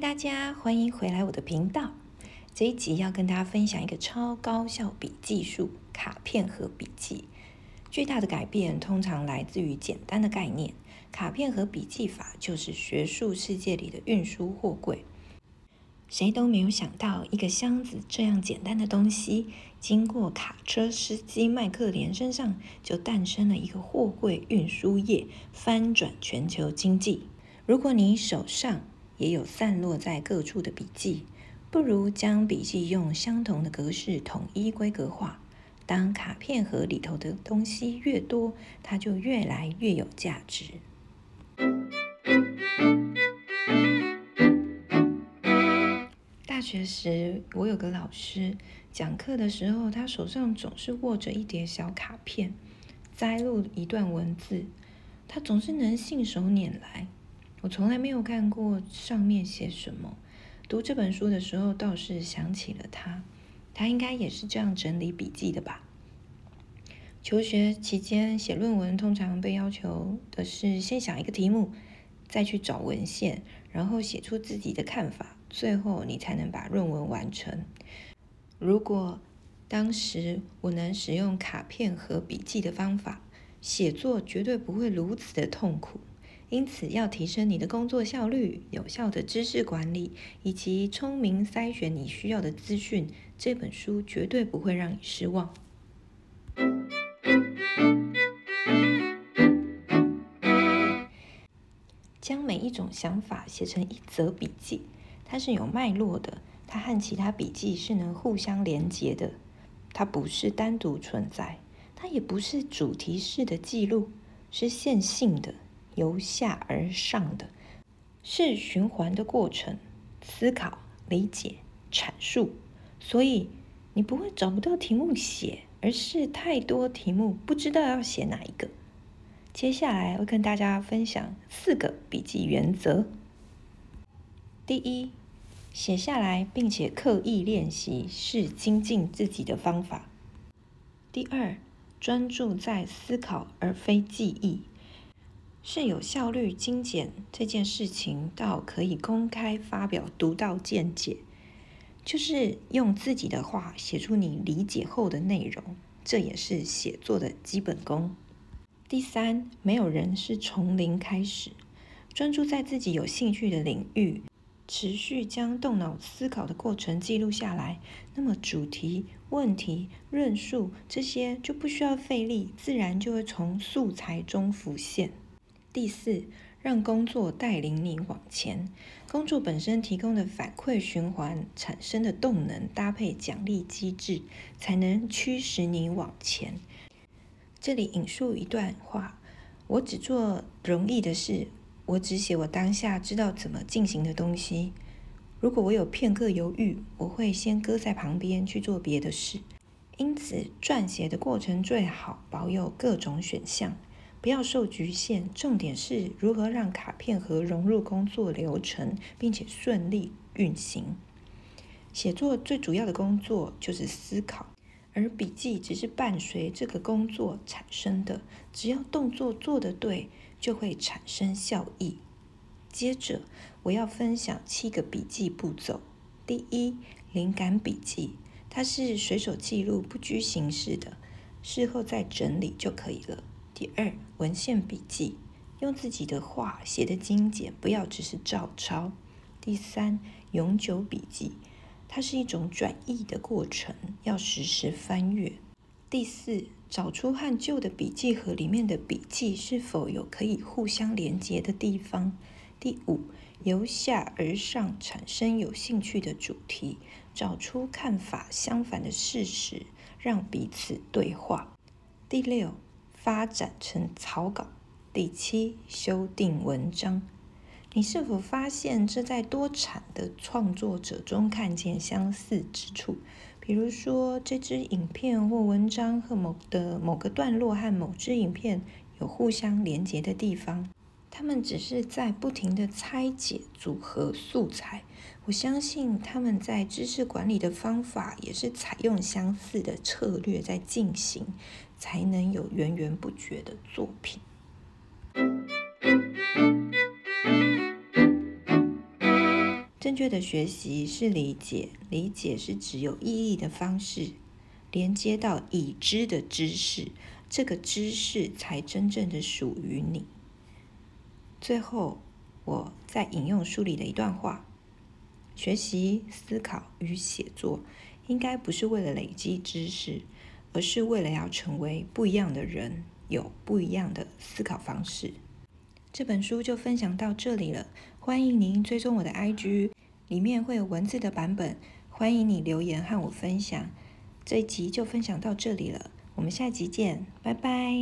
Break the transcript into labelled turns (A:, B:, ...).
A: 大家歡迎回來我的頻道。這一集要跟大家分享一個超高效筆記術——卡片盒筆記。巨大的改變通常來自於簡單的概念。卡片盒筆記法就是學術世界裡的運輸貨櫃。誰都沒有想到，一個箱子這樣簡單的東西，經過卡車司機麥克連身上，就誕生了一個貨櫃運輸業，翻轉全球經濟。如果你手上……也有散落在各處的筆記，不如將筆記用相同的格式統一規格化。當卡片盒裡頭的東西越多，它就越來越有價值。大學時，我有個老師講課的時候，他手上總是握着一疊小卡片，摘錄一段文字，他總是能信手拈來。我從來沒有看過上面寫什麼。讀這本書的時候，倒是想起了他，他應該也是這樣整理筆記的吧。求學期間寫論文，通常被要求的是先想一個題目，再去找文獻，然後寫出自己的看法，最後你才能把論文完成。如果當時我能使用卡片盒筆記的方法，寫作絕對不會如此的痛苦。因此，要提升你的工作效率、有效的知識管理以及聰明篩選你需要的資訊，這本書絕對不會讓你失望。將每一種想法寫成一則筆記，它是有脈絡的，它和其他筆記是能互相連結的，它不是單獨存在，它也不是主題式的記錄，是線性的。由下而上的，是循環的過程，思考、理解、闡述。所以你不會找不到題目寫，而是太多題目不知道要寫哪一個。接下來會跟大家分享四個筆記原則：第一，寫下來並且刻意練習是精進自己的方法；第二，專注在思考而非記憶。是有效率精簡這件事情，到可以公開發表獨到見解，就是用自己的話寫出你理解後的內容，這也是寫作的基本功。第三，沒有人是從零開始，專注在自己有興趣的領域，持續將動腦思考的過程記錄下來，那麼主題、問題、論述這些就不需要費力，自然就會從素材中浮現。第四，讓工作帶領你往前。工作本身提供的反饋循環產生的動能，搭配獎勵機制，才能驅使你往前。這裡引述一段話：我只做容易的事，我只寫我當下知道怎麼進行的東西。如果我有片刻猶豫，我會先擱在旁邊去做別的事。因此，撰寫的過程最好保有各種選項。不要受局限，重點是如何讓卡片盒融入工作流程，並且順利運行。寫作最主要的工作就是思考，而筆記只是伴隨這個工作產生的。只要動作做得對，就會產生效益。接着，我要分享七個筆記步驟。第一，靈感筆記，它是隨手記錄、不拘形式的，事後再整理就可以了。第二，文獻筆記，用自己的話寫的精簡，不要只是照抄。第三，永久筆記，它是一種轉譯的過程，要時時翻閱。第四，找出和舊的筆記盒裡面的筆記是否有可以互相連接的地方。第五，由下而上產生有興趣的主題，找出看法相反的事實，讓彼此對話。第六，發展成草稿，第七，修訂文章。你是否發現這在多產的創作者中看見相似之處？比如說，這支影片或文章和某的某個段落和某支影片有互相連接的地方。他們只是在不停的拆解、組合素材。我相信他們在知識管理的方法也是採用相似的策略在進行，才能有源源不絕的作品。正確的學習是理解，理解是以有意義的方式，連接到已知的知識，這個知識才真正的屬於你。最後，我再引用書裡的一段話：學習、思考與寫作，應該不是為了累積知識，而是為了要成為不一樣的人，有不一樣的思考方式。這本書就分享到這裡了，歡迎您追蹤我的 IG，裡面會有文字的版本，歡迎你留言和我分享。這一集就分享到這裡了，我們下集見，拜拜。